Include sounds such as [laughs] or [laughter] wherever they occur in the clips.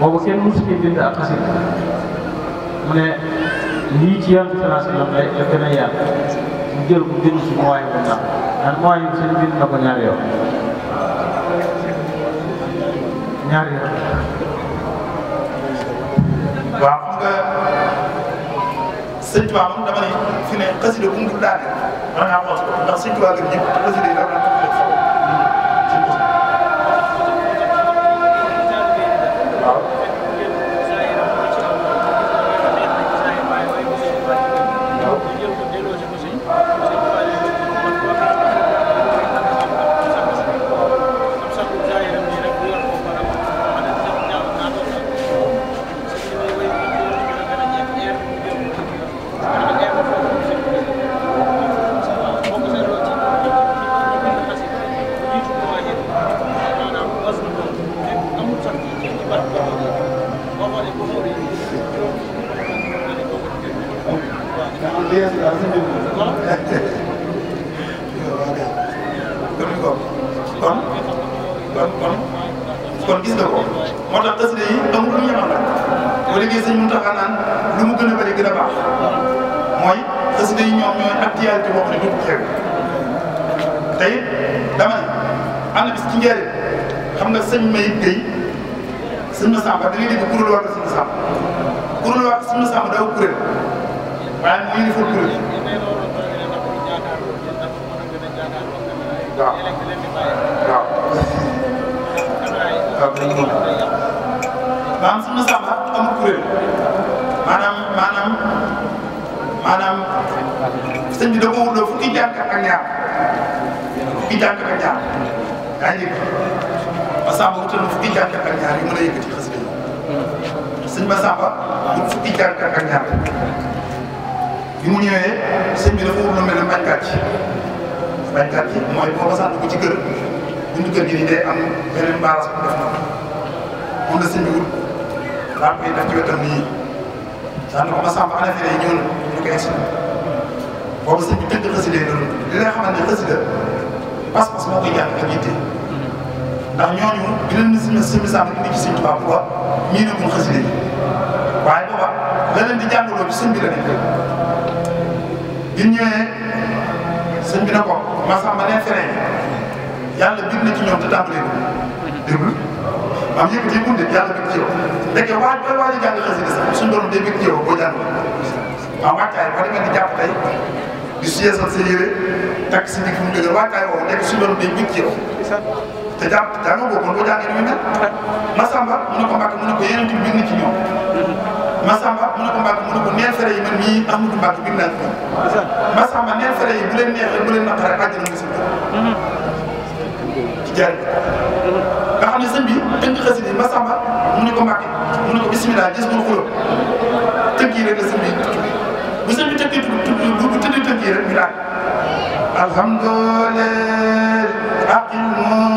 boobu kenn mësu ci bind ak xasit mu ne ci yan financé la la gën a yaat mu jël bu si mooy bu ndax daan mooy bu seen bind na ko ñaari yoon ñaari yoon waaw xam nga sëñ Tuubaa moom dama ne fi ne xasida bu mu dul daane mën naa xool ndax sëñ Tuubaa gën ñëpp tax xasida yi amul lu mu yemal nag boo déggee sëñ Muntaxa naan lu mu gën a bëri gën a baax mooy xasida yi ñoom ñooy actualité boo xam ne dootul xew tey dama ne am na bis ci njëriñ xam nga sëñ Mayib Gueye sëñ Massamba da ngay dégg kuréel waa ko sëñ Massamba kuréel waa ko sëñ Massamba daaw kuréel waaye mu ngi ful kuréel waaw waaw waaw maam soxna Samba amul kuréel maanaam maanaam maanaam sëñ bi da ko wutoo fukki jànkat ak ñaar fukki jànkat ak ñaar yaa ngi ma Samba wutal na fukki jànkat ak ñaar yi mën a yëkkati xas bi sëñ ma Samba wut fukki jànkat ak ñaar bi mu ñëwee sëñ bi dafa wutoo mel ne bañkat mooy boo ko sant ko ci kër buntu kër gi nii day am beneen baras bu def làmp yi dañ ci wetam nii daan na ko ma sàmp ana fi lay ñëw na ñu koy si boobu sëñ bi tëdd xasida yi noonu li lay xamal ne xasida pas-pas moo koy jàng ak yitte ndax ñooñu dinañ ne suñu suñu sàmm indi ci Sëñ Tuubaa pourquoi ñii ne mun xasida yi waaye booba la leen di jàngaloo ci sëñ bi la nekk bi ñëwee sëñ bi ne ko ma sàmp nee feree yàlla bind na ci ñoom te tàmbalee ko déglu am yëpp yëpp yàlla bind ci yow léegi waaj booy waaj a jàng xasida sax suñu borom day bëgg yow boo jàng waaw wàccaay boo demee di jàpp tey di suyesal sa yére takk si digg mu dëgër wàccaay woowu léegi suñu borom day bëgg yow te jàpp jàng boobu kon boo jàngee ni muy mel Masamba mu ne ko Mbàkke mu ko yeneen bi bind ci ñoom Masamba mu ne ko Mbàkke mu ne ko neen fere yi man mii Amadou Mbàkke bind naa ci ñoom Masamba neen fere yi bu leen neexee bu leen naqaree àjjana nga si ci jariñ xam ne sëñ bi tënk xasida yi Masamba mu ne ko Mbàkke mu ne ko bisimilah gis bul xulóom tënk yi rek la sëñ bi tudd bu sëñ bi tënkee tudd bu tëddee tënk yi rek ñu daal alhamdulilah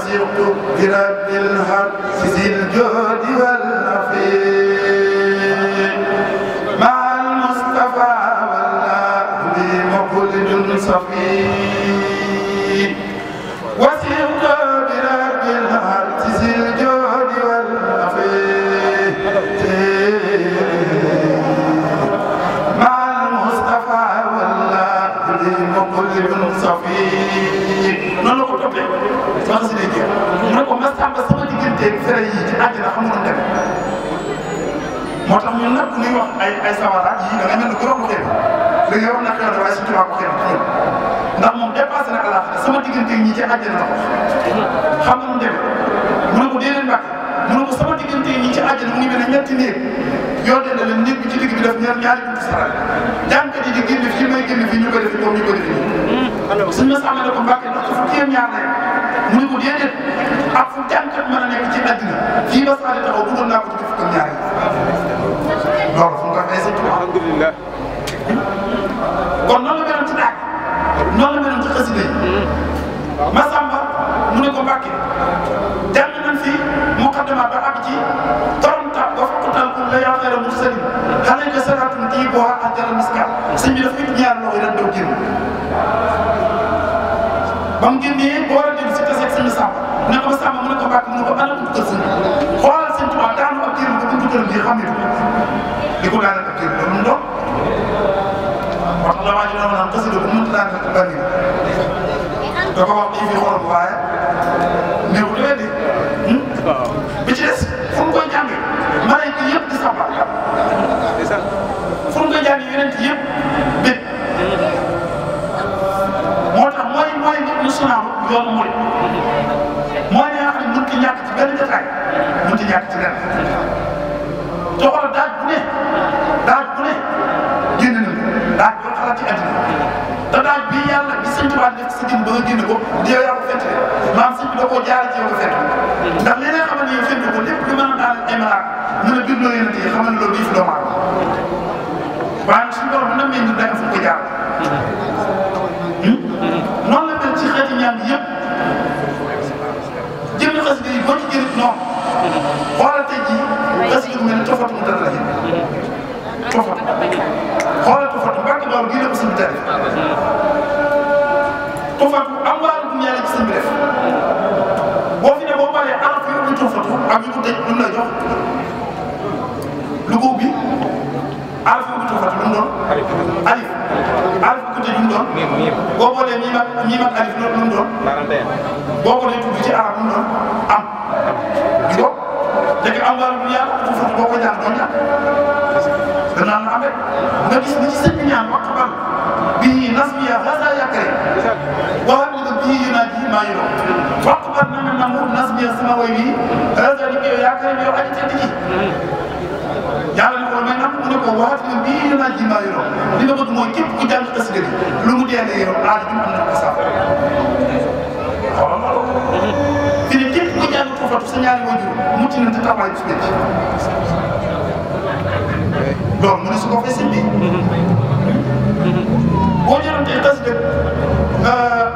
وثقت برب الهر ذي الجهد والنفير مع المصطفى والله بي مخلد صفي وثقت برب الهر ذي الجهد والنفير مع المصطفى والله بي مخلد صفي نلقى maa ngi si déggee mu ne ko ma sàmba sama digganteeg fere yi ci àddina xam nga dem moo tax ñun nag ñuy wax ay ay sawaraat yii da nga mel ni ku rëbb xeetu da ngay wax naka la waaye suñu tubaab ko xeetu ñun ndax moom dépassé na alaaka sama digganteeg ñi ci àddina la ko xam nga mu demee mu ne ko dee leen mbàkk mu ne ko sama digganteeg ñi ci àddina mu ngi mel ne ñetti néeg yoo dee na leen néeg bi ci digg bi def ñaar ñaari buntu saral jànkat yi di génn fii may génn fii ñu ko def ñoom ñu ko def nii hmm. suñu la sàmmee ne ko mbàkk ndax dafa kéem ñaar lay muy ko déedéet ak fu jànkat mën a nekk ci àddina fii ba Sadio taxaw dugal naa ko ci fukk ak ñaar yi loolu fu mu ko xasee tuuti. alhamdulilah. kon noonu la meloon ci daag noonu la meloon ci xasida yi Masamba mu ne ko Mbàkke jàng nañ fi muqaddama ba ab i toronta ba fakkutal ko la yaa xayra mursalin xale i saratun di boo ajjara miskal sëñ bi dafa it ñaar loxo yi ren doo génn ba mu génnee sëñ Samba ne ko ba Samba mu ne ko Mbacke mu ne ko ana buntu kër sëñ xoolal sëñ Tuubaa daanu ab diiram ba buntu këram bii xam ne di ko daaneel ab diiram loolu mu doon wax la waa ji doon naan xasida bu mënut daaneel ak bari da ko wax kii bi xoolal bu baaye néew lu weddi hmm? bi ci des fu mu koy yoonu murit mooy li nga xam ne a ñàkk ci benn jotaay mënut a ñàkk ci lenn soxla daaj bu ne daaj bu ne génn na daaj boo xalaat ci àddina te daaj bi sëñ Tuubaa nekk si gën ba nga génn ko di yow yaa ko fente maam sëñ bi da koo jaaree ci yow ko fent ndax leneen xamal ne yow fent ko lépp lu mën a daal ay malaaka mën a bindoo yéen a téye xamal ne loolu bii fi doom am yu teg lu la jox dugub bi alif bu tuuti lu mu doon. alif alif bu tuuti lu mu doon. boo boolee ñi mat ñi mat alif lu mu doon. boo boolee tuuti ci arab lu mu doon am. du ko léegi am wàllu bu yàlla tuuti boo ko ñaan doon ñaan danaa la am rek nga gis ni ci sëñ bi ñaan wax ko ngeen sama woy wi heure bi yow yaakaar yow aji tedd gi yàlla ni ko may nam mu ne ko waxaat nga bii naa ji maa yoroo li nga bëgg mooy képp ku jàng xasida gi lu mu dee dee yoroo laaj bi mu am na ko sax xoolal fi ne képp ku jàng ko fatu sa ñaari waajur mucc nañ te taxawaay bi ci loolu mu ne su ko fee sëñ bi boo jëlantee xasida euh,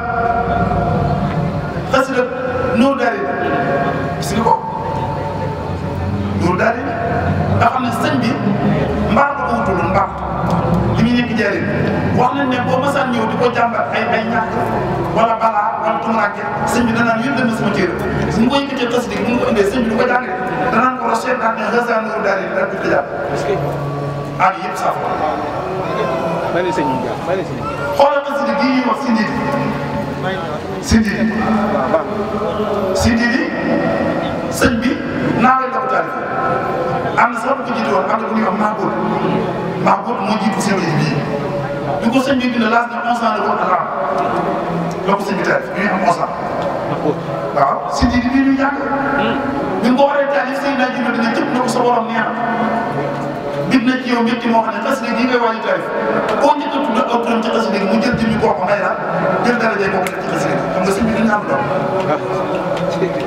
sëñ bi mbaar ko wutul mbaar li muy nekk njëriñ wax nañ ne boo masaan ñëw di ko jàmbat ay ay ñàkk wala balaa wala tumuraanke sëñ bi danaan yëpp dem na sama téere su ma ko yëkkatee tos bi bu ma ko indee sëñ bi du ko jàngee danaan ko rochee daan ne raisin d' eau daal di daal di ko jàpp. ah yëpp sax. bari sëñ bi jàpp bari sëñ bi. xoolal tos bi gii ñuy wax si njiit si njiit si njiit am na sax bu ko jiitu woon parti bu ñuy wax Magout Magout moo jiitu service bii du ko sëñ bi bind laaj na onze ans de vote arabe donc sëñ bi teel ñuy am onze ans waaw si di bii ñu ñàkk ñu ngi ko waree taalif sëñ naa jënd dañuy tëb na ko sa borom neex bit na ci yow ñetti moo xam ne xas léegi ngay waaj a taalif boo njëkk a tudd ak turam ci xas léegi mu jël jëmmi kooku ngay la jël dara jël kooku ci xas léegi xam nga sëñ bi duñu am doom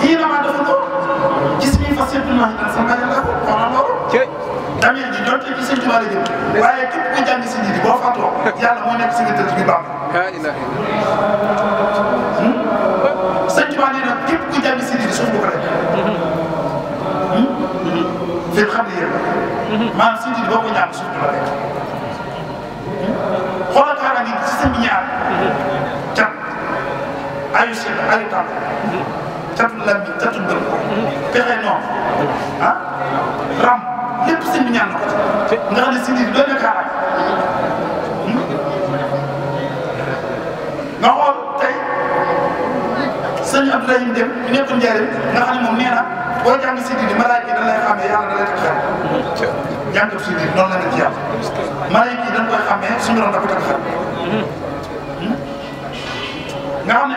kii damaa defu ko gis nañu fas yëpp naa ko sama kàddu laa ko xoolal loolu. damir ji donte ci sëñ Tuubaa la jëm waaye képp ku jàng si nit yi boo fàttoo yàlla moo nekk si nga tëdd bi baax. sëñ Tuubaa nee na képp ku jàng si nit yi suuf bu ko rek. fi xam ne yéen maanaam si nit boo ko ñaan suuf du la rek. xoolal xaaral nit ci sëñ bi ñaar. cat ayu seen ayu tàmm. catu lan bi catu gën ko pexe noonu ah ram lépp sëñ bi ñaan na ko ci nga xam ne si nit doon na kaaraay hmm? nga xool tey sëñ Abdoulaye dem ñu nekk njëriñ nga xam ne moom nee na boo jàng si di malaay yi dañ lay xamee yàlla da lay teg xel jàngat si di noonu la nga ci yàlla malaay yi dañ koy xamee suñu doon dafa teg xel nga xam ne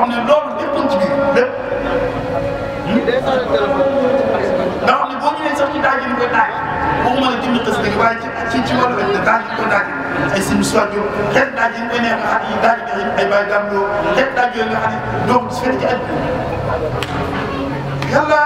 xam ne loolu lépp ci biir lépp. nga xam ne boo ñëwee sax ci daaj yi ñu koy daaj boo mën a jënd xës léegi waaye ci ci wàllu benn daaj yi ñu koy daaj ay sim soit yo xeet daaj yi ñu koy neex nga xam ne daaj yi ay bàyyi daam yoo xeet daaj yooyu nga xam ne doo ko ci fekk ci àdduna yàlla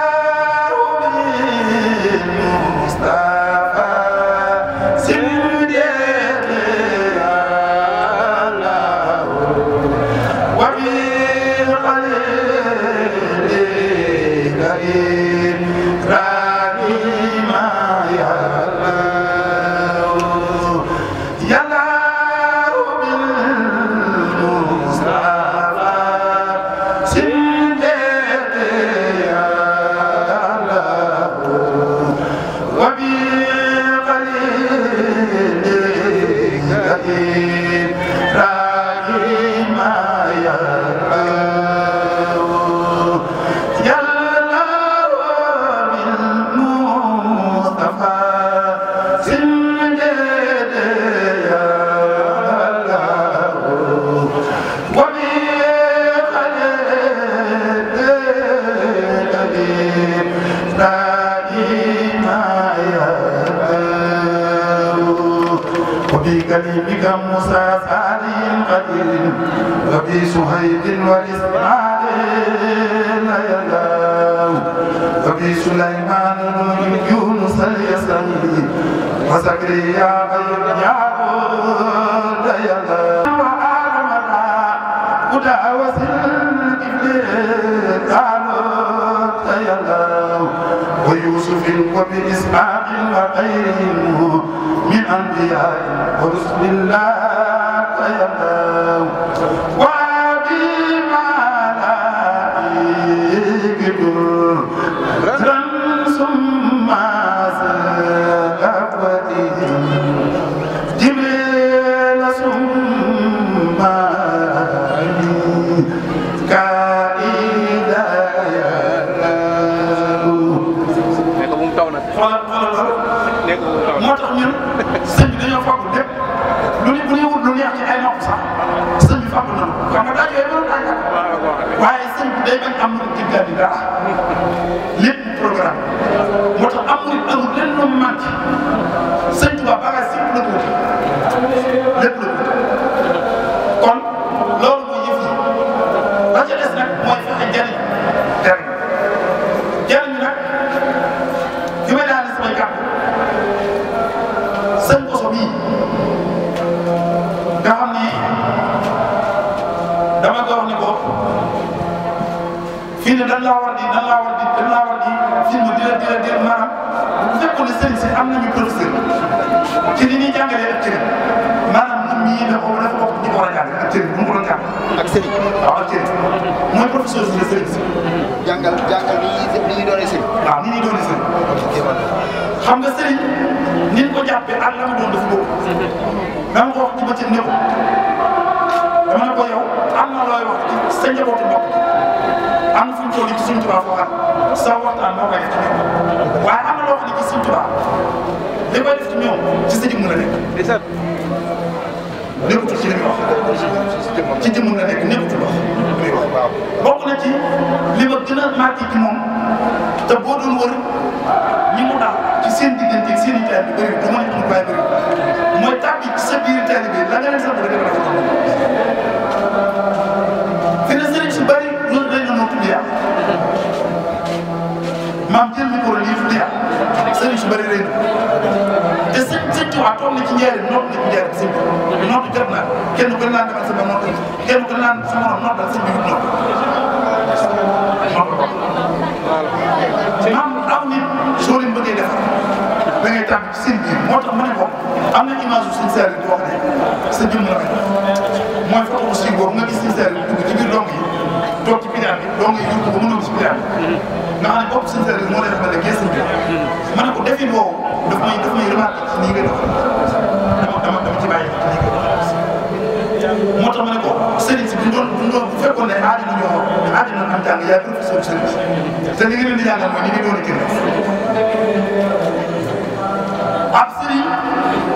ذي سهيد وإسماعيل يداه وفي سليمان يونس اليسري وزكريا غير يعقوب يداه وآمنا هدى وسلم قالوا يداه ويوسف وبإسماعيل وغيرهم من أنبياء ورسل الله يداه عليكم رمس dara lépp programme moo tax amul amul lenn lu mu màcc ci li ñuy jàngalee ak cëriñ maanaam ñii dafa dafa bokk ñi ko war a jàng ak cëriñ bu mu ko doon jàng. ak sëriñ. waaw ak cëriñ mooy si. jàngal ni ñuy doonee sëriñ. waaw ni ñuy doonee sëriñ. xam ga sëriñ ni ñu ko jàppee ak la mu doon dafa bokk. dama ko wax ci bëccëg néew. dama ne ko yow am na looy wax ci sa njabootu am na fu ñu toll ci suñu tubaab foo xam sa waxtaan waaye am na loo xam ne ci suñu li may def ci ñoom ci sa jëmm la nekk. ndeysaan. nekkutul ci li muy wax. ci jëmm la nekk nekkutul wax li muy wax. waaw bokk na ci li ma gën a màcc ci moom te boo doon wër ñi mu daal ci seen diggante ak seen i taal bi bëri du ma ne amul bàyyi bëri mooy tàbbi ci sa biir taal bi la nga leen sant da nga def fi ne sëriñ si bëri loolu dañ doon tudd yàq maam jël micro lii fi di yàq sëriñ si bëri Tuubaa toog na ci njëriñ nopp na ci njëriñ sëñ bi nopp jot naa kenn ku ne naan defal sëñ bi nopp kenn ku ne naan sa morom noppal sëñ bi wut nopp nopp ko maam aw nit soo leen bëggee def da ngay tànn ci seen biir moo tax mu ne ko am na image yu suñ seer di wax ne sa jëmm la mooy photo aussi boobu nga gis suñ seer dugg ci biir dong yi toog ci bidaan bi dong yi yóbbu ko mënul ci bidaan nga xam ne bopp suñ seer moo lay defal ne gis sëñ bi ma ne ko defin woowu daf may daf may remarqué ci nii nga def dama dama dama ci bàyyi ci nii nga def moo tax ma ne ko sëriñ si bu doon bu doon bu fekkoon ne aadi nañu wax aadi nañu am jàng yaay professeur sëriñ si te li nga leen di jàngal mooy ni nga doon a gën ab sëriñ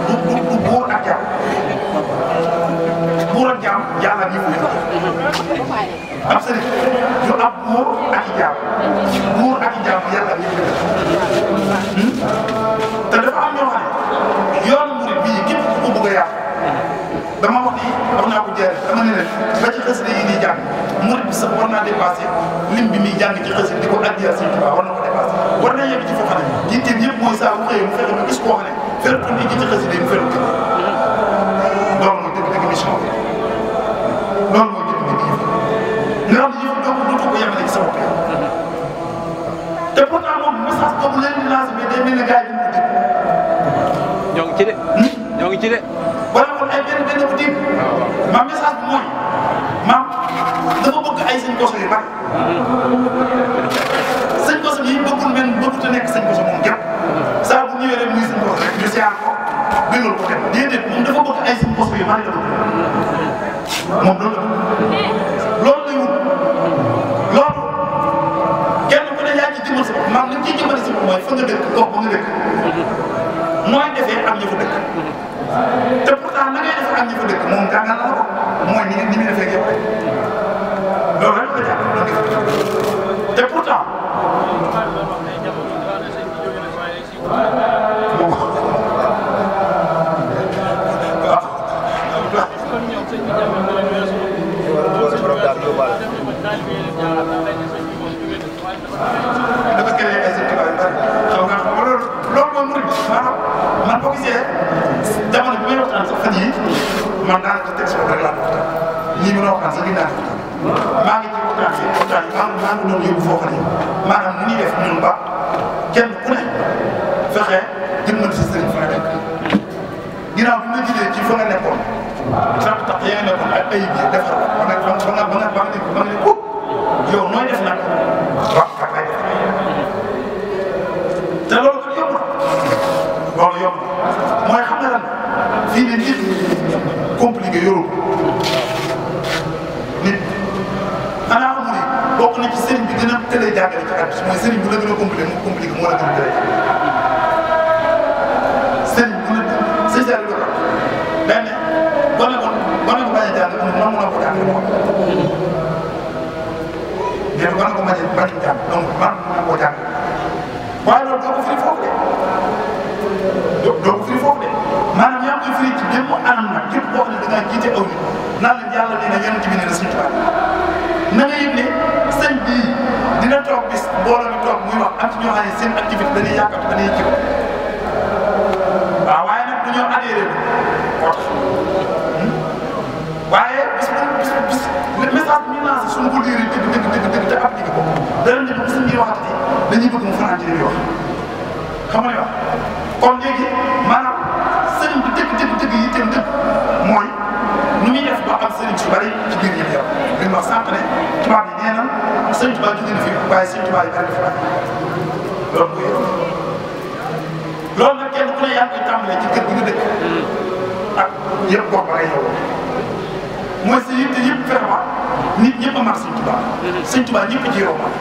du du du buur ak jàmm buur ak jàmm yàlla ñu ko ab sëriñ du ab buur ak jàmm buur ak jàmm yàlla ñu ko dama ne leen ba ci xës yi ñuy jàng murid bi sax war bi muy jàng ci xës di i addiya Sëñ Tuubaa war na ko dépassé war naa yegg ci foofa nag yitteem yëpp mooy saa bu xëyee mu fexe ba gis koo xam ne fépp nit ñi ci xës yi mu fépp ko bi loolu mooy dëgg-dëgg yëf nga xam dégg ma message bi mooy maam dafa bëgg ay sëñ Kosso yu mag sëñ Kosso yi bëggul mel bëggut a nekk sëñ Kosso moom jàpp saa bu ñëwee rek muy sëñ Kosso rek ñu siyaar ko gënal ko dem déedéet moom dafa bëgg ay sëñ Kosso yu mag la moom loolu loolu lay wut loolu kenn ku ne yaa ngi jëmmal sa bopp maam li ciy jëmmale sa bopp mooy fa nga dëkk gox ba nga dëkk mooy defee am ñu fa dëkk pourtant na ngay def ak ñi fa dëkk moom jàngal na ko mooy ni ni muy defee ak yow rek loolu rek la jàpp loolu te pourtant. sax fan yii man daanaka ko teg si mën a waxtaan sax dinaa ko maa ngi ci waxtaan yi waxtaan yi maa maa ngi doon yóbbu foofu ne maanaam ni ñuy def ñun ba kenn ku ne fexe jëmmal sa sëriñ fa nga nekk ginnaaw bi nga jëlee ci fa nga nekkoon taq taq yaa ngi nekkoon ak ay bi yow nooy def nag li ne nit compliqué yoroo nit xanaa xam ne bokk na ci sëriñ bi gën a tëlee jàngale ci at mooy sëriñ bu la gën a mu compliqué moo la gën a tëlee sëriñ bu la sëriñ daal di ko daan ne boo ne ko boo ne ko bañ ne ko jiite aw nit naan leen yàlla nee na yonent bi nee na suñu tubaab na nga yëg ne sëñ dina toog bis mbooloo mi toog muy wax am ci seen activité dañuy yàqatu dañuy jiw waaw waaye nag dañoo adhéré moo tax hmm? waaye bis bu bis bis message bi ñu lancé suñu ko liiree dëgg dëgg dëgg dëgg te appliqué ne bu suñ ñuy waxati dañuy bëgg mu fanaan ci li muy wax xam nu muy def ba am sëriñ su bëri ci biir ñi yor li ñu wax sànq ne tubaab yi nee na sëriñ tubaab jóge na fi waaye sëriñ tubaab yi bëri na fi bëri loolu mooy yoon loolu nag kenn ku ne yaa ngi koy tàmbalee ci kër gi nga dëkk ak yëpp gox ba ngay yow mooy sa yitte yëpp vraiment nit ñëpp a mar sëriñ tubaab sëriñ tubaab ñëpp a jiiroo mar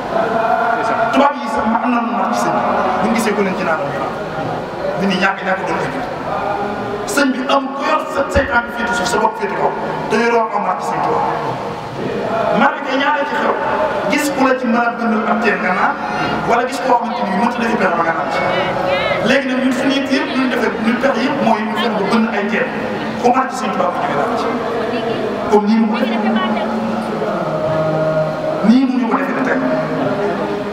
tubaab yi sax ma am na lu mar ci sëñ bu ñu gisee ko leen ci naan ñu ni ñàkk ñàkk doon sëñ bi am ko sët seytaan bi féete suuf sa bopp féete kaw ko màcc seen tool malgré ñaare ci xew gis ku la ci mën koo xamante ni mënut a def pexe ba nga yëpp yëpp ñun defee ñun pexe yëpp mooy ñu fexe ba bënn ay teen ku màcc seen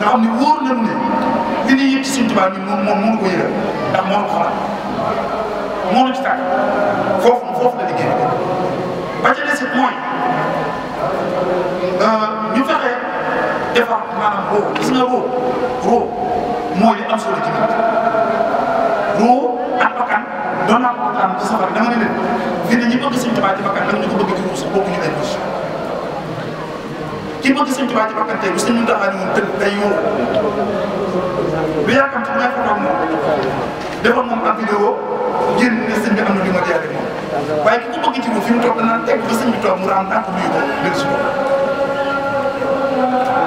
xam ne wóor nañu ne li ñuy yëg moom moom mënu ko ndax moo ko xamal moo ci taal foofu foofu la liggéey ba ca des it mooy euh, ñu fexe defar maanaam roo gis nga roo roo mooy li am solo ci biir roo ak bakkan doon naa ko waxtaan ci safara dama ne leen fii ne ñi bëgg Sëñ Tuubaa ci bakkan dama ñu ko bëgg ci ruu sax bokkuñu ay ruus ki bëgg Sëñ Tuubaa ci bakkan tey bu sëñ ñu taxaa ñu tëdd day yóoru lu yaakaar ci may fa toog moom defoon moom ak vidéo génn ne sëñ bi am na li ma jaare moom waaye ki ko bëgg ci moom mu toog danaan teg bi toog mu raam tànk nuyu ko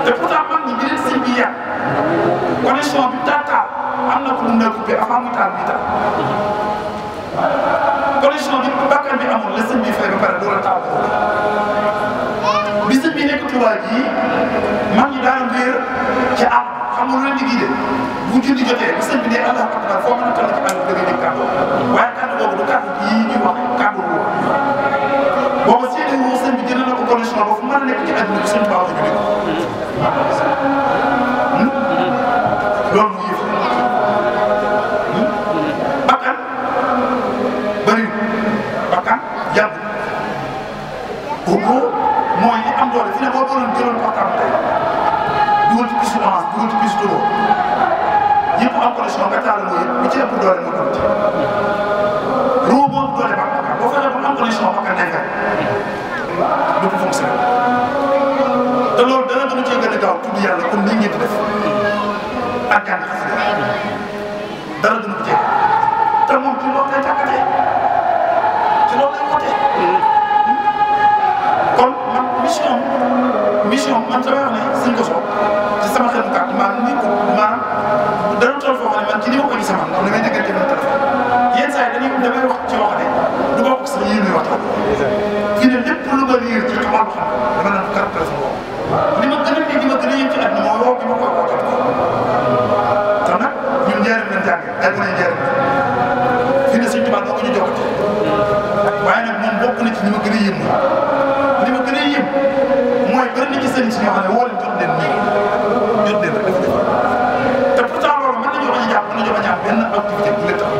te pourtant man ñi beneen sëñ bi yàq connexion am na ko mu nekk bi avant mu taal bi taal connexion bi bakkan bi amoon la sëñ bi fay ba door a taal bi sëñ bi nekk Tuubaa ji mag ñi daan réer ci àll xam lu leen di guidé bu julli jotee bi bi ne Allah akbar foo mën a toll ci boobu du kàddu yii ñuy wax kàddu wu boo ma seetee moom sëñ bi jëlee na ko condition ba a nekk ci àdduna bi sëñ Tuubaa la ñu dégg loolu mu yëf bakkan bëriwul bakkan yàgg kooku mooy li am doole fi ne dugal ci piste orange dugal ci piste ñëpp am condition nga taal mooy yëpp bu ci ëpp doole nga tuuti lii sama bakkan day fekk du ko fonctionné te loolu dana dana cee gën a gaaw tudd yàlla comme ni ngeen di def ak gànn xasida dara dana ko cee te moom ci loolu lay tàkkatee ci loolu lay wootee kon man mission mission man damay wax ne suñ ko soog ci sama xel mu gàtt maanaam nit ku maanaam dara toll foo xam ne man ci li ma ko gisee man damay déggante na téléphone yenn saa yi dañuy damay wax ci yoo xam ne du bokk sa yéen xam-xam. [laughs] ci ne lépp lu ma liir ci xam-xam dama naan kàttan sama bopp. li ma gën a li ma gën a yëngu ci àdduna moo lool bi ma koy woote. te nag ñun njëriñ lañ jàngee dañ ko lay njëriñ fi ne Sëñ Tuubaa doo ko ñu jokkati waaye nag moom bokk na ci li ma gën a yëm li ma gën a yëm mooy bëri na ci sëñ si ñoo xam ne woo leen jot leen nii jot leen rek def def te pourtant loolu mën nañoo bañ a jàpp mën nañoo bañ a am benn activité bu leen tax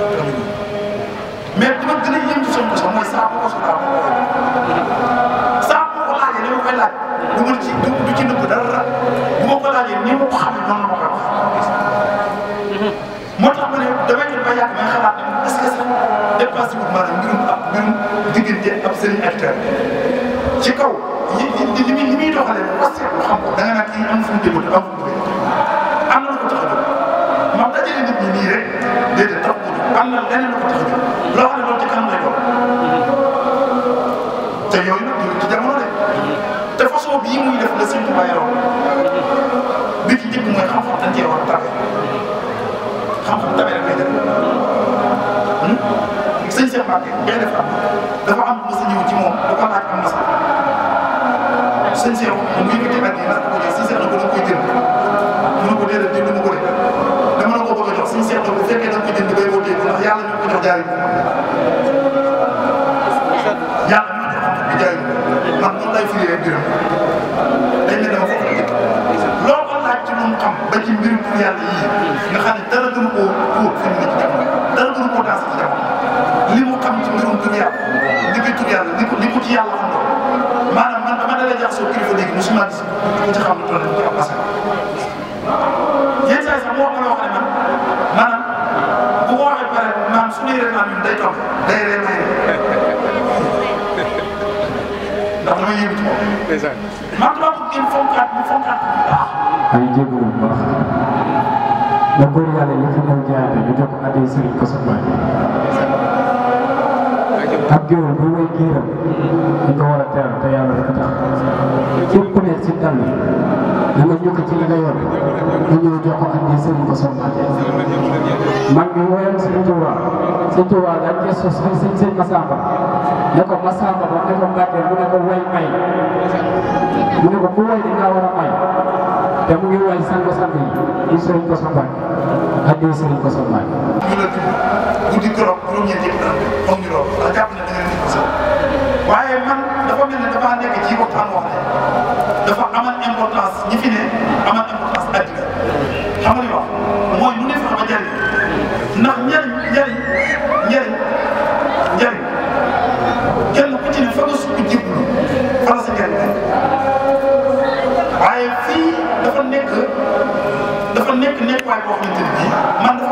mais li ma gën a yëm ci sëñ bi sax mooy saa dépassé wut maanaam mbirum ab mbirum diggante ab sëriñ ak taal ci kaw yi li li li muy doxalee ba seetlu xam ko da nga naan kii am fu mu jëmbat am fu mu bëgg am na lu ko tax a jóg maam dajale nit ñi nii rek déedéet tax ko jóg am na leneen lu ko tax a jóg loo xam ne loolu ci kanam lay doon te yooyu nag yooyu ci jamono de te façon bii muy def la sëriñ Tuubaa yaroon bi ci njëkk mooy xam-xam dañ cee war a tabe xam-xam tabe rek lay def. sëñ Cheikh Mbacke ngay def dafa am mos a ñëw ci moom bu ko laaj am na sax sëñ Cheikh moom bu yëkkati benn yi naka ko jël sëñ Cheikh na ko doon koy jënd mu ne ko déedéet jënd mu ko de dama la ko bëgg a jox sëñ Cheikh na bu fekkee da nga ko jënd day woo dégg ndax yàlla ñu ko jox jaay yàlla ñu ko jox jaay ndax noonu lay firi rek biram dañ ne dama foofu la jëkk loo ko laaj ci moom xam ba ci mbirum yàlla yii nga xam ne dara gën koo wóor fi mu ne ci jamono dara duñ ko daas ci jamono li mu xam ci mbirum tur yàlla li koy tur yàlla li ko li ko ci yàlla xam nga maanaam man dama dalee jax soo kilifa léegi musuma gis ku ci xam lu toll nii am parce que yenn saa yi sax moo ko la wax ne man maanaam bu ko waxee pare maanaam su dee ren day topp day ren day ndax dama yëngu ci moom. man damaa bëgg ngeen fonkaat mu fonkaat bu baax. ay jéego bu baax. na góor yàlla yi fi ñëw jaay ñu jox addi sëriñ ko sa baay bu wéy géeram ñu ko war a teral te yàlla rek tax képp ku nekk ci dàll da nga ñukk ci li nga yor nga jox addi sëriñ ko mag bi woyal sëriñ Tuuba sëriñ Tuuba addee sëriñ Basiru Mbacke. ñu la tudd guddi keroog juróom-ñeenti bi dara ñu lool ndax jàpp ne da nga leen di waaye man dafa mel ne dafa nekk ci waxtaan wax ne dafa amal importance ñi fi taxawaay boo xamante ne bii man dafa am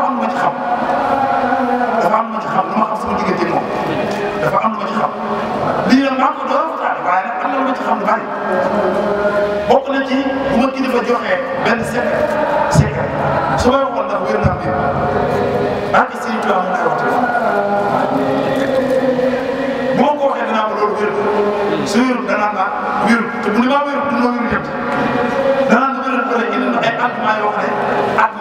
lu ma ci xam dafa am lu ma ci xam lu ma xam sama diggante moom dafa am lu ma ci xam lii nag maa ko doon waxtaane waaye nag am na lu ma ci xam lu bari bokk na ci bu ma kilifa joxe benn secret secret su ma waxoon ndax wér naa mbir barke Sëriñ Tuubaa mu koy waxtaan bu ma ko waxee danaa ma loolu wér su wérul danaa ma wérul te bu ne maa wérul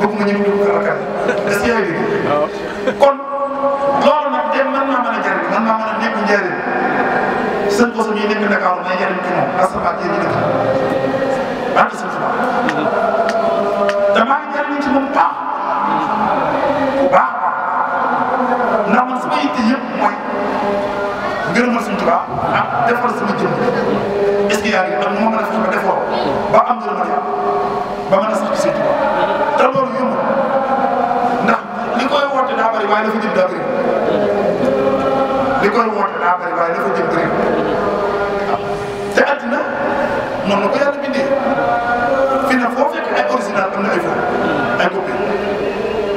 bëgg nga ñëw dugg kàlla kàlla est-ce que yaa ngi ah. kon loolu nag dem man maa mën a jëriñ man maa mën a nekk njëriñ seen bosom yi nekk Ndakaaru may jëriñ ci moom asamaan yi ñu dëkk barke sëñ Tuubaa te maa ngi jëriñ ci moom baax baax ndax man sama yitte yëpp mooy ngërëmal sëñ Tuubaa ah defal sama jëm est-ce que yaa ngi am moo mën a fexe ba defoo ba am ngërëmal ba mën a sax ci sëñ Tuubaa li koy woote daa bëri waaye dafa jëm bëri waaw ah. te àddina noonu ko yàlla bindee fi na foo fekk ay original am na ay fo ay copie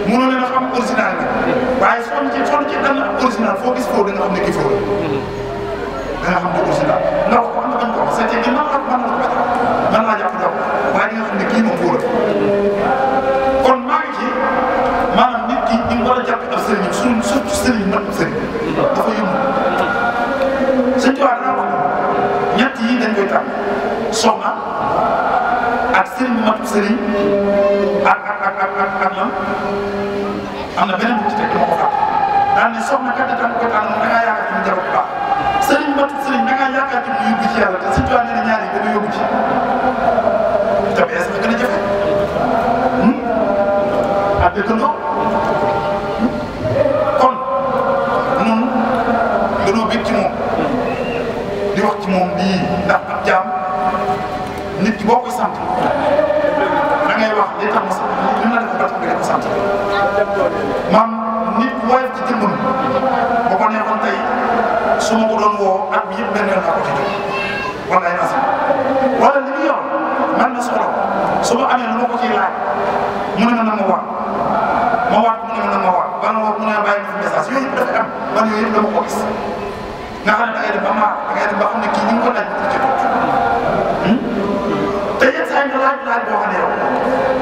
mënoo leen a xam original bi waaye soo ci soo ci dana original foo gis foo da nga xam ne kii foo da nga xam ne original ndax ko am na ko wax c'est-à-dire man la ko man la ko man laa jàpp waaye di nga xam ne kii sëriñ bi matub sëriñ ak ak ak ak ak ak lan am na beneen bu ci teg dama ko fàtte daan ne soxna kat itam ko tànn da ngaa yaakaar ci mu jar bu baax sëriñ matub sëriñ da ngaa yaakaar ci mu yóbbu ci yàlla te suñu tubaab nee na ñaari gën a yóbbu ci te bees bi gën a jafe hmm? ah dëkkandoo hmm? kon noonu gënoo bég ci moom di wax ci moom lii ndax. boo koy sant da ngay wax li tax li mu la def ba tax nga ko sant maam nit woyof ci jëmmam ba ko neexoon tey su ma ko doon woo at bi yëpp benn yoon laa ko ci jox wala ay asan wala li mu yor man na soxla su ma amee lu ma ko ciy laaj.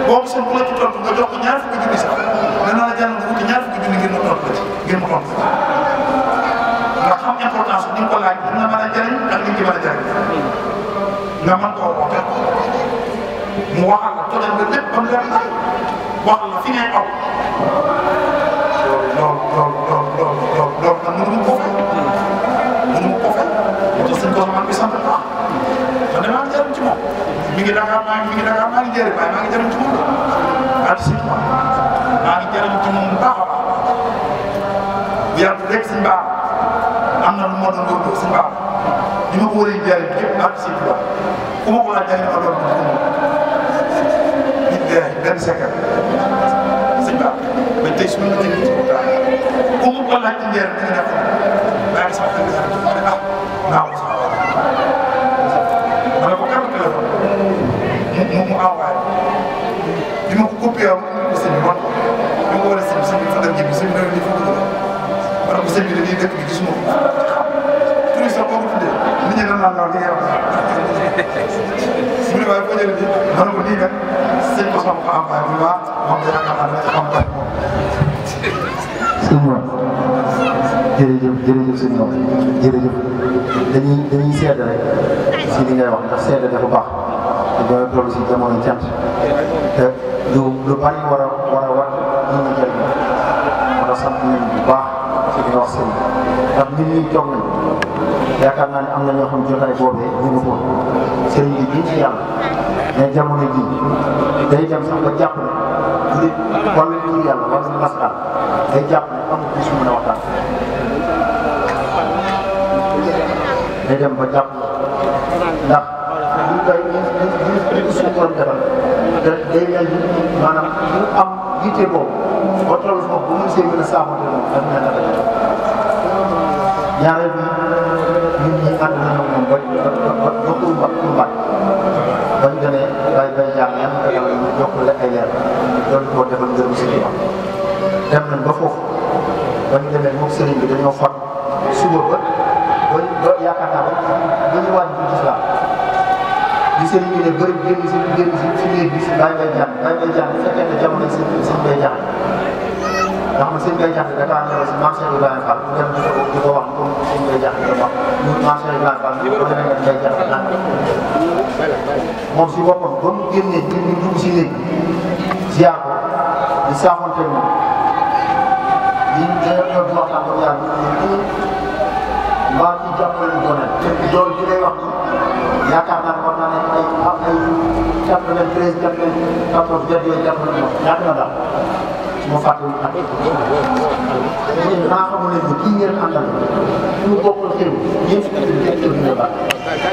boo gisoon ku la ci nga jox ko ñaar fukki junni sax dana la jàll nga wuti a fukki junni ngir mu tontu la ci ngir mu nga xam importance bi ni ko laaj dina mën a jëriñ nga ci mën a jëriñ nga mën koo waxtaan mu waxal la tojal nga lépp ba mu mi ngi Dakar maa ngi mi ngi Dakar maa ngi jëriñ waaye maa ngi jëriñ ci moom la. maa ngi jëriñ ci moom bu baax a baax bu yàgg rek suñu baax am na lu moo doon góorgóorlu suñu baax li ma ko war a jëriñ képp baal si biir ku ma ko war a jëriñ ma doon dugg moom. it day benn secret suñu baax ba tey su ma la jëlee ci moom daal ku ma ko laaj ci njëriñ dina nekk maa ngi sama xel sëñ bi dañuy dëkk bi gisuma ko. turist sax boo ko tuddee nit ñi dañ naan lool di yaram. bu dee waaye boo jëlee nii mën na ko nii kat sëñ bi soxna ko am waaye bu baax moom dina ko xam ne xam nga moom. sëñ bi waaw jërëjëf jërëjëf sëñ bi jërëjëf dañuy dañuy seede rek si li ngay wax ndax seede dafa baax te doo toll si jamono cant te lu lu bari war a ñoo seen ndax mbir yi coow nañ yaakaar naa ne am na ñoo xam jotaay boobee ñu ngi ko sëriñ bi jiitu yàlla mais jamono jii day dem sax ba jàpp ne nit wala nit yàlla wala maskaan day jàpp ne amul bis mu mën a waxtaan. day dem ba jàpp ndax ñu koy ñu ñu suñu borom defal te day mel ni maanaam ñu am yitte boobu ba toll foofu ba mu see mën a saafara moom daf mel ne ñaareel bi ñun ñi ànd nañoo moom ba ba ba Tourbac Tourbac ba ñu gënee bay bay jaar yan ba yow ñu la ay leer loolu ba foofu ba ñu demee moom Serigne bi dañoo fot suba ba ba ñu wàññi bu gis laa ne bëri si génn bi si bay bay jaar bay bay jaar bu ne jamono si si bay jaar nga xam ne sëñ Baye Diakhaté da kaa ñëw si marché Ibrahima Fall mu dem di ko di ko wax comme sëñ Baye Diakhaté di ko wax ñun marché Ibrahima Fall ñu ko demee Baye Diakhaté naan moom si boppam ba mu génnee ñu ñu dugg si néeg ziar ko di saafonte moom di dañoo di waxtaan ba yàgg mbaa ci jàppale ko ne te loolu li lay wax ni yaakaar naa ne war naa ne ay ay jàppale 13 jàppale 14 jàppale ñaata na daal ma fàttali ak ñun maa xamul ne kii ngeen àndal ñu bokkul xew yéen fukki at yi ñu baax. dañ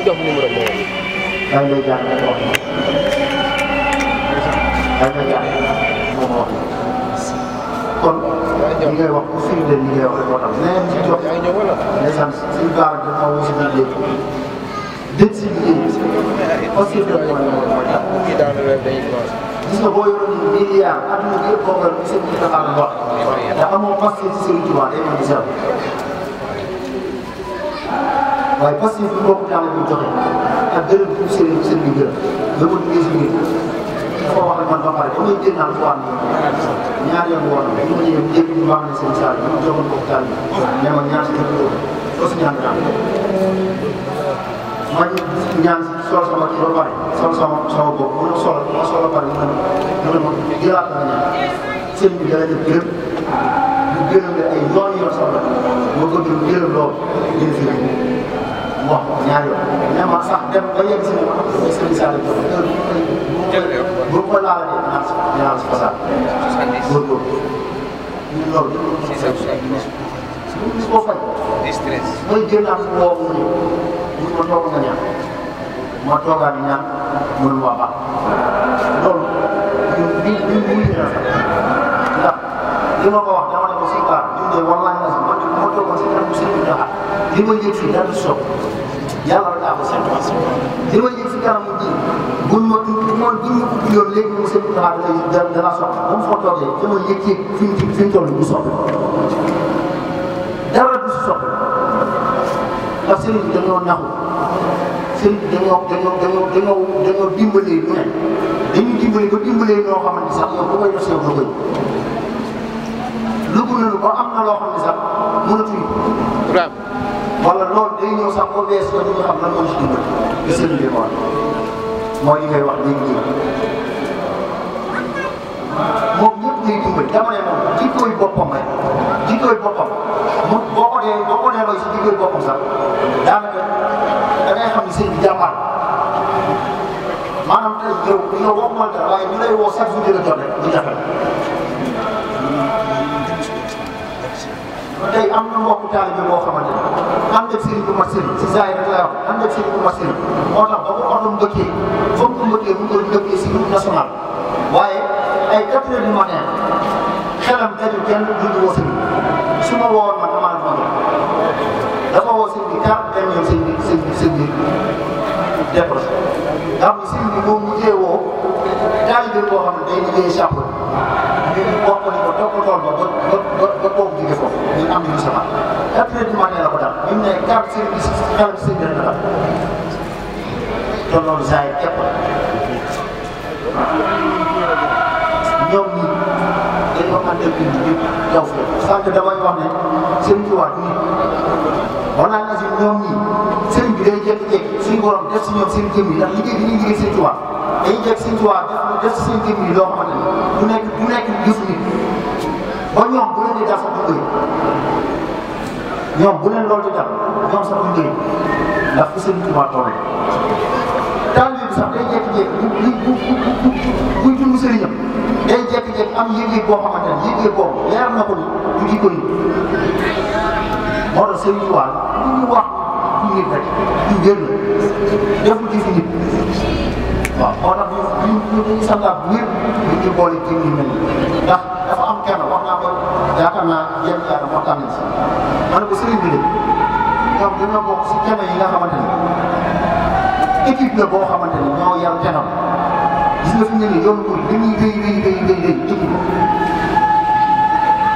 lay jaar dañ wax dañ lay jaar moom wax kon li ngay wax ku firnde li ngay wax moo tax leneen ci jox ndeysaan suñu gaar bi ma wusi bi léegi déet si liggéey parce que gis nga boo yoroon milliard adduna bi yëpp kooku rek sëñ bi dafa am wax te amoo passé ci Sëriñ Tuubaa day mën di seetlu waaye passé bi bokk naa la ñu joxe ak gërëm bu sëriñ sëriñ bi gërëm nga mën di gis ngir dafa wax ak man ba pare ba muy jënd naan trois mille ñaar yoon woon na ñu ñëw dégg ñu wax ne seen saal bi ñu joxoon kooku taal bi ne ma ñaar si ñaar loolu ñaan ñaan sol sama kii ba pare sol sama sama bopp mu ne ma solal ma sol ba pare mu ne ma mu ne ma jëlaat la nga ñaan sëñ bi dana def gërëm ñu gërëm la ay yoon yoo xam ne boo ko jël gërëm lool jëlee si réew mi wax ñaari yoon. vraiment sax dem ba yegg si moom am na seen isaani tool heure bu ko laalee ñaar si ñaar si fasaat góorgóorlu ñu loolu ñu gis ko fay. mooy gën a am woo mu ñëw ñu ma toog nga ñaan. ma toogaat ñaan mënu ma baax loolu ñun ñun ñun ñu ngi rafet ndax li ma ko wax dama ne ko si kaar ñun de wallaahi na si ma ma toogoon si kanam sëñ bi Daxa li ma yëg si dara soog yàlla daa ko seen tool li ma yëg si kanamu ji buñ ma moom buñ ma ubbi yoon léegi mu sëñ bi Daxa da dana soog ba mu fa toogee li ma yëg ci fi mu fi mu toll du soog dara du soog ndax sëñ bi dañoo naxu sëñ bi dañoo dañoo dañoo dañoo dañoo dimbali ñu ne dañuy dimbali ba dimbali ñoo xamante sax yow bu koy def seen lëkkal lëkkal nañu ba am na loo xam ne sax mënatuñu. waaw wala loolu day ñëw sax ba weesu ba ñu xam lan moo ci dimbali. di sëñ bi quoi mooy li ngay wax léegi nii moom ñëpp day dimbali dama ne moom jikkooy boppam rek jikkooy boppam mu boo ko dee boo ko dee looy si jikkooy boppam sax daanaka. da ngay xam ne sëñ bi jàmbaar maanaam tey yow yow waxumala waaye ñu lay woo chaque jour dina jot rek am na mbokku taalibe boo xamante ne am na sëriñ bu mat sëriñ si saa yi rek lay wax am na sëriñ bu mat sëriñ moo tax ba ko ordum dëkkee foog mu dëkkee mu ngi doon dëkkee si route nationale waaye ay quatre heures du matin xelam daju kenn duñu woo sëriñ ma woowoon dafa woo sëñ bi quarante et un yoon sëñ bi sëñ bi sëñ bi déplacé nga xam ne sëñ bi woo taalibe boo xam ne day ni ko topp tool ba a ba ba toog jóge foofu ñun am nañu semence quatre heures du matin la ko dal ñu ne quarante sëñ bi xel sëñ bi rek la dal te war naa gis ñoom ñii sëriñ bi day jékki-jékki suñu borom def si ñoom seen jëmm yi ndax liggéey ñuy liggéey seen tubaab dañuy jékki seen tubaab def def si seen jëmm yi loo xamante ni du nekk du nekk ñoom bu leen di def sax du bëri ñoom bu leen loolu di def ñoom sax du bëri ndax ku seen tubaab toll taal bi sax day jékki-jékki bu bu bu am na ko ni du jikko ni moo li ñu wax ci nit rek ci jël la def ci si nit waaw moo tax ñu ñu ñu sangaat bu wér ñu ci boole ci ñu mel ndax dafa am kenn wax naa ko yaakaar naa yenn yaara waxtaan nañ si ma ne ko sëriñ bi de ñoom dañoo bokk si kenn yi nga xamante ne équipe la boo xamante ne ñoo yar kennam gis nga fi mu ne nii yoonu Mouride dañuy béy béy béy béy béy équipe boobu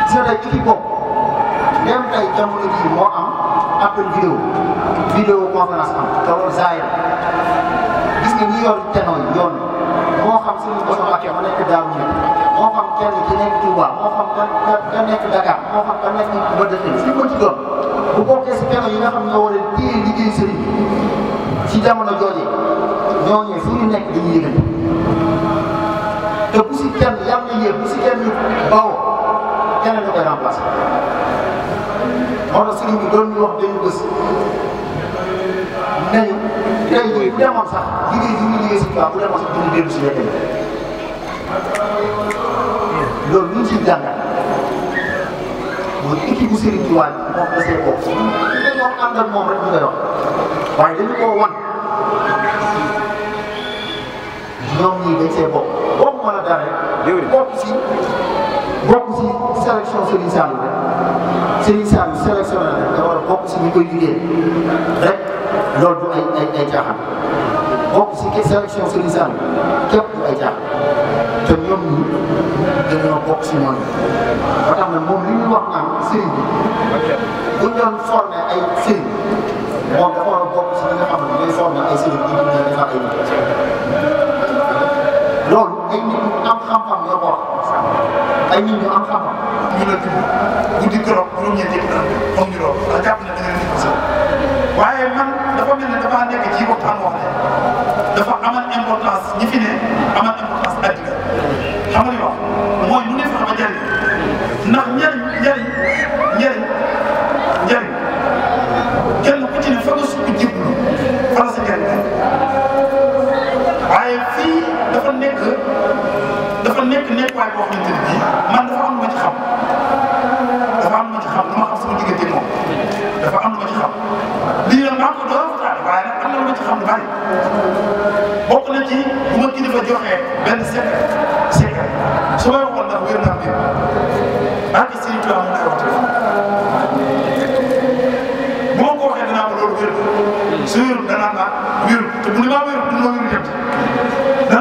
gis nga tey équipe boobu même tey jamono jii moo am. appel vidéo vidéo conférence am te loolu zaayir gis nga ñi yor tenoo yi yoon moo xam suñu borom Mbàkke ma nekk Daaru Muxti moo xam kenn ki nekk Touba moo xam ka ka nekk Dakar moo xam ka nekk Mbodj si ko ci doon bu bokkee si tenoo yi nga xam ñoo war a téye liggéey sëriñ si jamono jooju ñooñee fu ñu nekk dañuy yëngati te bu si kenn yàlla na yéeg bu si kenn bawoo kenn da koy remplacer. moo tax sëriñ bi doon ñu wax dañu gës nañu tey jii demoon sax liggéey bi ñu liggéey si bu demoon sax dina dellu si léegi loolu lu ñu siy jàngal mooy équipe bu sëriñ bi waaj moom da see bokk moom ànd ak moom rek ñu koy wax waaye dañu koo wan ñoom ñii dañ see bokk bokk mën a dara bokk si bokk si sélection sëriñ Sall Serigne Sam sélectionneur nga war a bokk si ñu koy liggéey rek loolu du ay ay ay caaxaan bokk si sélection Serigne Sam te ñoom ñi dañoo bokk si ñoom ba tax na moom li ñu wax naan Serigne bi bu ñu doon formé ay Serigne moom dafa war a bokk si li nga xam ne day formé ay Serigne yi ñu defar ay nit loolu ay nit ñu am xam-xam nga ko ay nit ñu am xam-xam ñu la tudd guddi góor juróom-ñeenti bi naan moom ñu doon ndax jàpp na da nga leen waaye man dafa mel ne dafa nekk ci waxtaan wax ne dafa amal importance ñi fi ne amal importance addina xam nga li wax mooy mu ne fexe ba jëriñ ndax boo xamante ne bii man dafa am lu ma ci xam dafa am lu ma ci xam dama xam sama diggante moom dafa am lu ma ci xam lii nag maa ko doon waxtaan waaye nag am na lu ma ci xam lu bari bokk na ci bu ma kilifa joxee benn secret secret su ma waxoon ndax wér naa wér maa ngi siy turam mu koy wax bu ma ko waxee dinaa ko loolu wér su wérul danaa ma wérul te bu ni maa wérul du ma wérul yëpp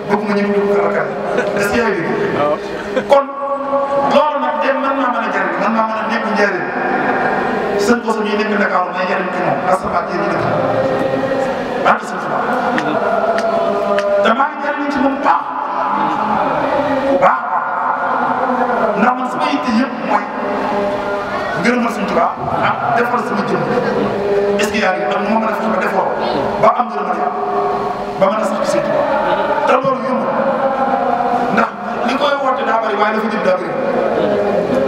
bëgg nga ñëw dugg alakaari est-ce que yaa ngi dégg ah. kon loolu nag dem man maa mën a jëriñ man maa mën a nekk njëriñ seen bosom yi nekk Dakar may jëriñ ci moom asamaan jëriñ la baax na suuf te maa ngi jëriñ ci moom baax bu baax ndax man sama yitte yëpp mooy ngërëmal suñu Tuubaa ah defal sama jëm est-ce que yaa ngi am nu ma mën a fexe ba defoo ba am ngërëmal ba mën a sax ci suñu Tuubaa te loolu yëngu ndax li koy woote daa bëri waaye dafa jëm daa bëri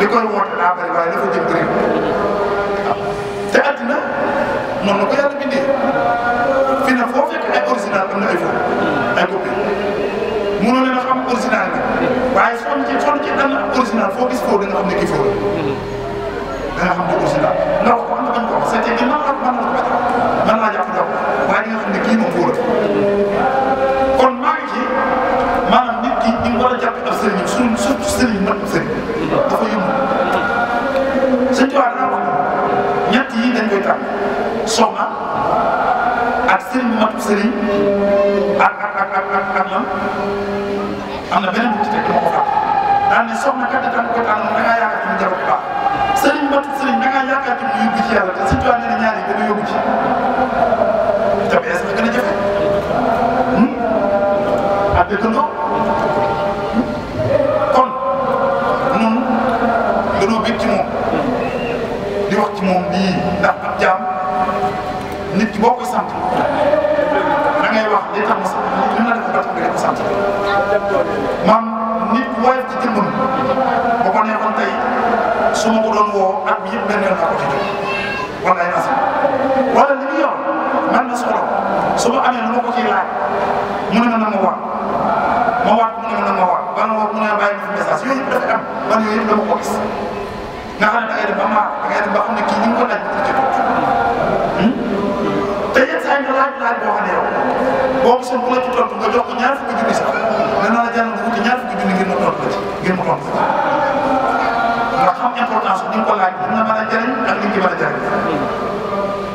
li koy woote daa bëri waaye dafa jëm bëri waaw te àddina noonu la ko yàlla bindee fii nag foo fekk ay original am na ay foofu ay copie mënoo leen a xam original bi waaye sonn ci sonn ci am na original foo gis foofu da nga xam ne kii foofu la da nga xam ne original. suñ surtout sëriñ napp sëriñ dafa yëngu sëñ Tuubaa danaa wax ne ñett yii dañ koy tàmm soxna ak sëriñ napp sëriñ ak ak ak ak ak ñoom am na beneen bu ci teg dama ko fàtte daan ne soxna kat dañ ko tànn da ngaa yaakaar ni jarul baax sëriñ napp sëriñ da ngaa yaakaar ni yóbbu ci yàlla te sëñ Tuubaa nee na ñaar yi dana yóbbu ci te bees na gën a jafe hmm? ak dëkkandoo ci moom lii ndax ab nit ki boo sant da ngay wax li tax sant li ma def ba tax nga ko sant maam nit woy ci jëmbam ba ko tey su ma ko doon woo at bi yëpp benn yoon naa ko ñaar ñoo xam ne yow boobu seen bu la ci tontu nga jox ko ñaar fukki junni sax dana la jàng nga wuti ñaar fukki junni ngir mu tontu la ci ngir mu tontu nga xam importance bi ñu ko laaj li nga mën a jëriñ ak li nga mën a jëriñ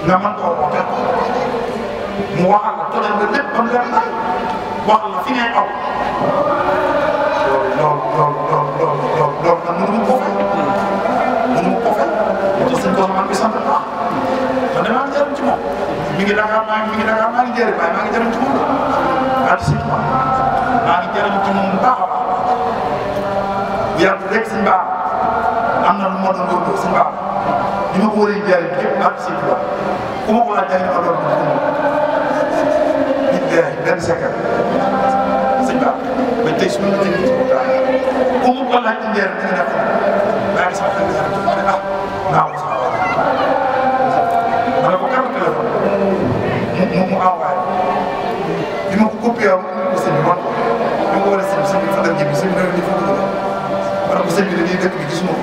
nga mën koo waxee mu waxal la tojal la lépp ba mu leer la waxal la fi ngay aw loolu loolu loolu loolu loolu loolu nag mënu ko fay mënu ko fay te suñ ko man bi sant bu baax te damaa jëriñ ci moom. mi ngi Dakar maa ngi mi ngi Dakar maa ngi jëriñ waaye maa ngi jëriñ ci moom ak si quoi maa ngi jëriñ ci moom bu baax a baax yàlla rek suñu baax am na lu ma doon góorgóorlu suñu baax li ma ko war a jëriñ yëpp ak si quoi ku ma ko laaj jëriñ ma doon góorgóorlu nit benn benn secret suñu baax ba tey su ma la jëriñ ci moom daal ku ma ko laaj ci njëriñ dina def ko baax na sax dina def ko seen nawet bi foofu la war ko sëñ bi dañuy dëkk bi gis moom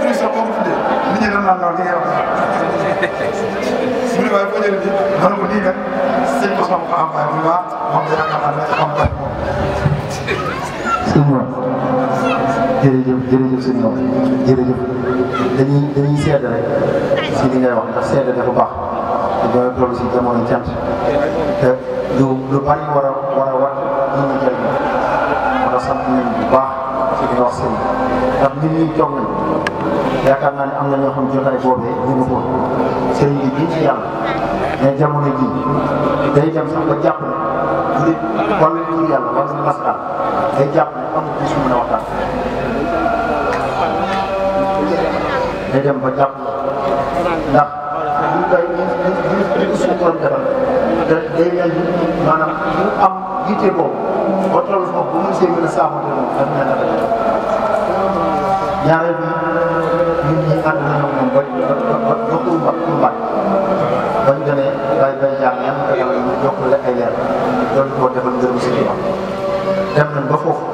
tur sax boo ko tuddee nit ñi dañ naan naaw li ngay wax mu ne waaye foo jëlee bi ma ne ko nii kat sëñ ko sama ko envoyé mu ne waa moom day yaakaar naa ne envoyé moom. sëñ Mor jërëjëf jërëjëf sëñ Mor jërëjëf dañuy dañuy seede rek si li ngay wax ndax seede dafa baax dafa toll si jamono cant te lu lu bari war a a wax sëñ ndax mbir yi coow nañ yaakaar naa ne am na ñoo xam jotaay boobee ñu ngi ko sëñ bi ji ci yàlla mais jamono ji day dem sax ba jàpp ne bu dee wala tur yàlla wala maskaan day jàpp ne amul bis mu mën a waxtaan day dem ba jàpp ndax ñu koy ñu ñu ñu suñu borom defal day day maanaam ñu am yitte boobu boo toll foofu bu mu see gën a saafoonte moom daf ñaan dafa def ñaareel bi ñun ñii ànd nañu moom ba ba ba Koumba Koumba bañ ko ne bay bay jaax ñam da nga yokk la ay leer doon koo defal ngërëm sëriñ ba dem nañ ba foofu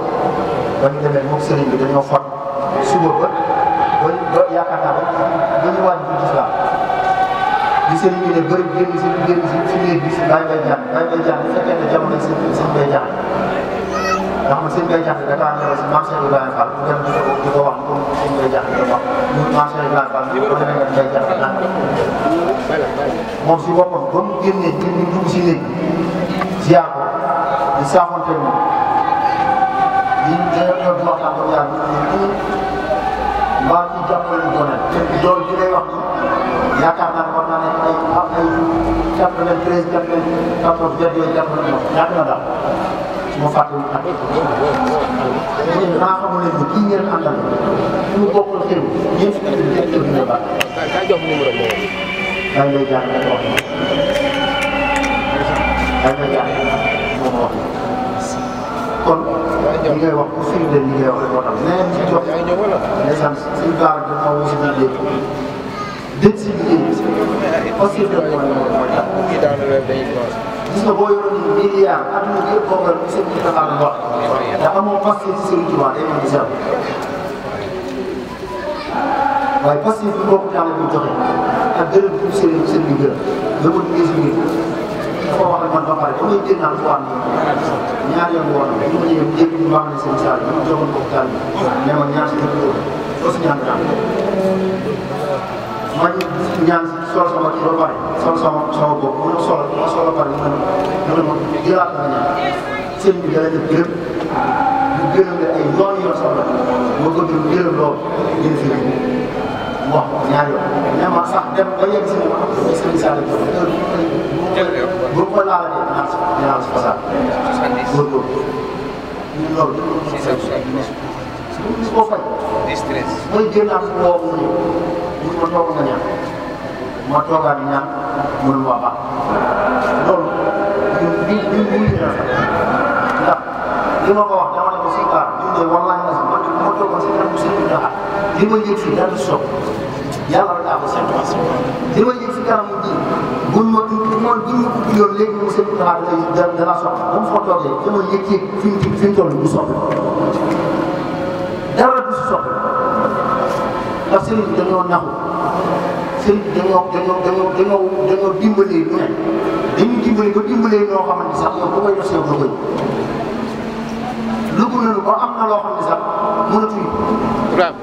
bañ demee moom sëriñ bi dañoo fot suba ba ba ba yaakaar naa ba ba ñu wàññi gis laa di sëriñ bi ne bëri génn si génn si si néeg bi si bay bay jaax bay bay jaax bu fekkee ne jamono si si bay jaax nga xam ne sëñ Baye Diakhaté da kaa ñëw si marché Ibrahima Fall mu dem di ko wax comme sëñ Baye Diakhaté wax ñun marché Ibrahima Fall ñu ko demee Baye Diakhaté moom si boppam ba mu génnee ci ñu dugg si néeg ziar ko di saafonte moom di dañoo di waxtaan ba yàlla ñu ne mbaa ci jàppale ñu ko ne loolu ci lay wax yaakaar naa ne war naa ne ay ay quatre vingt treize quatre vingt quatorze vingt deux quatre vingt neuf ñaata na daal ma fàttali ak mooy naa xamu ne kii ngeen àndal ñu bokkal xew ñëpp ñëpp ñu ne ba. dañ lay jaar rek wax dañ lay jaar moom wax kon li ngay wax ku firndeel li ngay wax rek moo tax leneen ci jox ndeysaan suñu gaar bi ma wusi bi léegi dëj si liggéey parce que mooy mooy tax gis nga boo yoroon milliard adduna bi yëpp kooku la ñu seen kii dafa wax ndax amoo passé ci Serigne Touba day mën di seetlu waaye passé bi mbokku daal la ñu joxe ak gërëm bu Serigne Serigne bi gërëm yóbbu ñu ngi si biir dafa wax ak man ba pare ba muy génn naan ko am ñaar yoon woon na ñu ma ñëwee dégg ñu wax ne seen saal bi ñu joxoon mbokku daal bi nee ma ñaar si dëkk bi aussi ñaar daal ma ñaan si sol sama kii ba pare sol sama sama bopp ma sol ma sol ba pare ma ne ma jëlaat ma ñaan sëñ bi dana def gërëm bu gërëm la ay yoon yoon soxla ma ko jël gërëm lool jël fi wax ñaari yoon ñaama sax dem ba yegg si ma sëñ bi Sall bu ko laalatee naan si naan si fasaat góorgóorlu ñun loolu ko fay mooy génn ak woo mu ñëw mu ma toog nga ñaan moo toogaan ñaan mënu ma baax loolu ñun ñu ñu ñu ndax li ma ko wax dama ne ko si kaar ñun de war naa ñu ma ma toogoon si kanam si biir daxaar li ma yëg fii daal di soog yàlla rek laa ko sant li mu seen daxaar mu fa toogee li ma mu mu toll du du si soog ndax sëriñ bi dañoo naxu sëñ bi dañoo dañoo dañoo dañoo dañoo dimbalee lu ne dañuy dimbalee ba dimbalee ñoo xamante sax yow bu koy def yow lu koy dugg nañu ba am na loo xam ne sax mënatuñu. waaw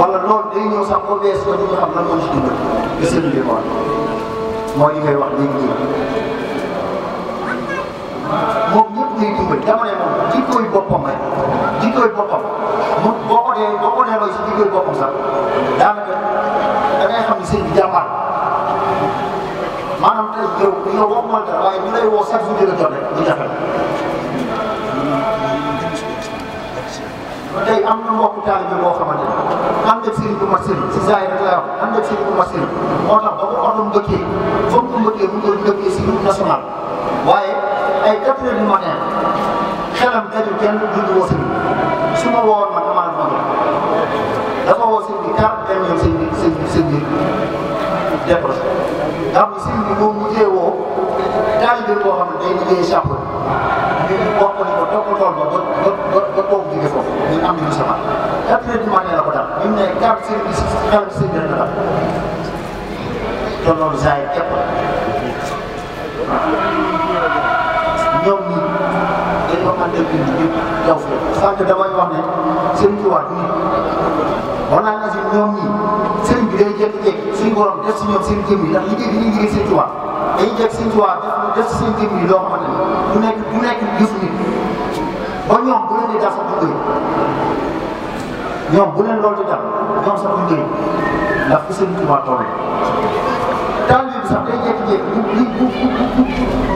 wala loolu day ñëw sax ba wees ba ñu xam lan moo ci dimbali. gis nañu li wax mooy li ngay wax léegi nii moom ñëpp ngay dimbali dama ne moom jikkooy boppam rek jikkooy boppam mu boo ko dee boo ko delloo si jikkooy boppam sax daanaka. da ngay xam ne sëñ bi jàmbaar maanaam tey yow yow waxumal dara waaye ñu lay woo chaque jour di la jot rek du jafe tey am na mbokku taalibe bi boo xamante ne ànd ak sëriñ bu mat sëriñ si saa yi rek lay wax ànd ak sëriñ bu mat sëriñ moo tax ba ko oto mbëkkee fa mu ko mbëkkee mu ngi doon mbëkkee si route nationale waaye ay quatre heures du matin xelam dajul kenn duñu woo sëriñ su ma woo ñëw sëñ bi sëñ bi sëñ bi déplacé ndax sëñ bi moom mujjee woo taalibe boo xam ne day liggéey chapeau ñu bokk nañ ko topp tool ba ba ba ba toog jóge foofu ñu am ñu sama pratiquement nee la ko daal ñu ne carte service xelam sëñ bi rek la te loolu saa yi képp ñoom jàppante ak ñun ñëpp jaww ji sànq damay wax ne Serigne Touba du nit war naa la si ñoom ñii Serigne bi day jékki-jékki suñu borom def si ñoom seen jëm yi ndax liggéey bi ñuy liggéey Serigne Touba day jékki Serigne Touba def def si seen jëm yi loo xamante ni du nekk du nekk gis nit ba ñoom bu leen di def sax du ñoom bu leen loolu di def ñoom sax du ndax ku Serigne Touba toll taal bi sax day jékki-jékki bu bu bu bu bu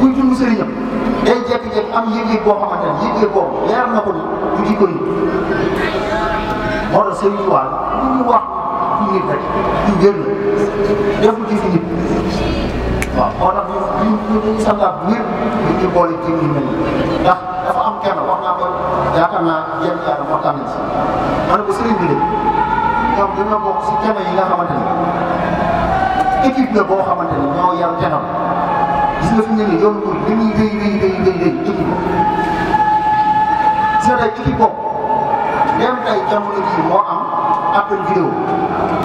bu dund Serigne am day jékki-jékki am yëg-yëg boo xamante ne yëg-yëg na ko ni du di koy moo tax Sëriñ Tuubaa wax ci nit rek ci njël la defu ci nit waaw moo tax ñu ñu ñu santaat bu wér ñu ñu boole ci nit mel wax naa ko yaakaar naa yenn yaakaar waxtaan nañ si ma ne ko sëriñ bi de ñoom dina bokk si kenn yi nga xamante ne équipe la boo xamante ne gis nga fi ñu ne yoon bi li muy rëy rëy rëy rëy rëy tukki bopp. gis nga tey tukki bopp même tey jamono jii moo am appel vidéo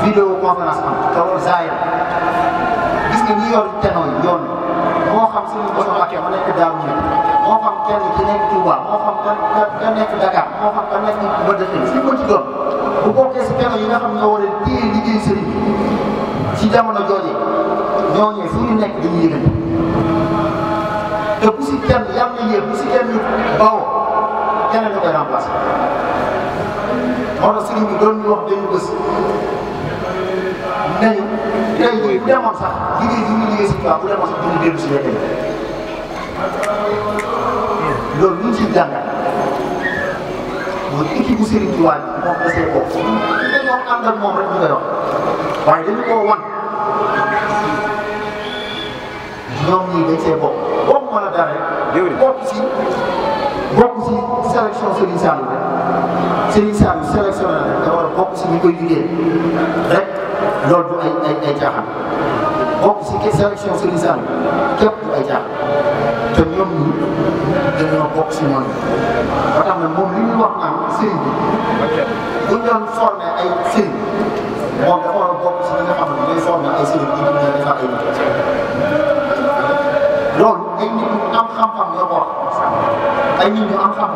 vidéo conférence am te loolu zaaya gis nga ñi yor tenoo yoon moo xam suñu boso Mbacké ma nekk Daaru Muxti moo xam kenn ci nekk Touba moo xam ka nekk Dakar moo xam ka nekk Mbadakhoune si ko ci doon bu bokkee si kenn yi nga xam ñoo war a téye liggéey sëriñ ci jamono jooju ñooñu fu ñu nekk dañuy yëngatu. te bu si kenn yàlla na yéen bu si kenn ñu bawoo keneen da koy remplacé moo tax sëriñ bi doon ñu wax dañu bës nañu tey jii bu demoon sax liggéey bi ñu liggéey si tubaab bu demoon sax duñu dellu si wér loolu lu ñu siy jàngat mooy équipe bu sëriñ bi waa ji moom dafay bokk dañoo ànd ak moom rek ñu koy wax waaye dañu koo wan ñoom ñii dañ see bokk. dara bokk si bokk si sélection Serigne Saliou Serigne Saliou sélection la rek da war a bokk si ñu koy liggéey rek loolu du ay ay ay caaxaan bokk si sélection Serigne Saliou képp du ay caaxaan te ñoom ñi dañoo bokk si ñoom ba tax na moom li ñu wax naan sëriñ bi bu ñu doon formé ay sëriñ moom dafa war a bokk si li nga xam ne ñooy formé ay sëriñ yi ñu ne dafa ay nit ay nit am xam-xam ñoo ay nit am xam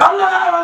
Allah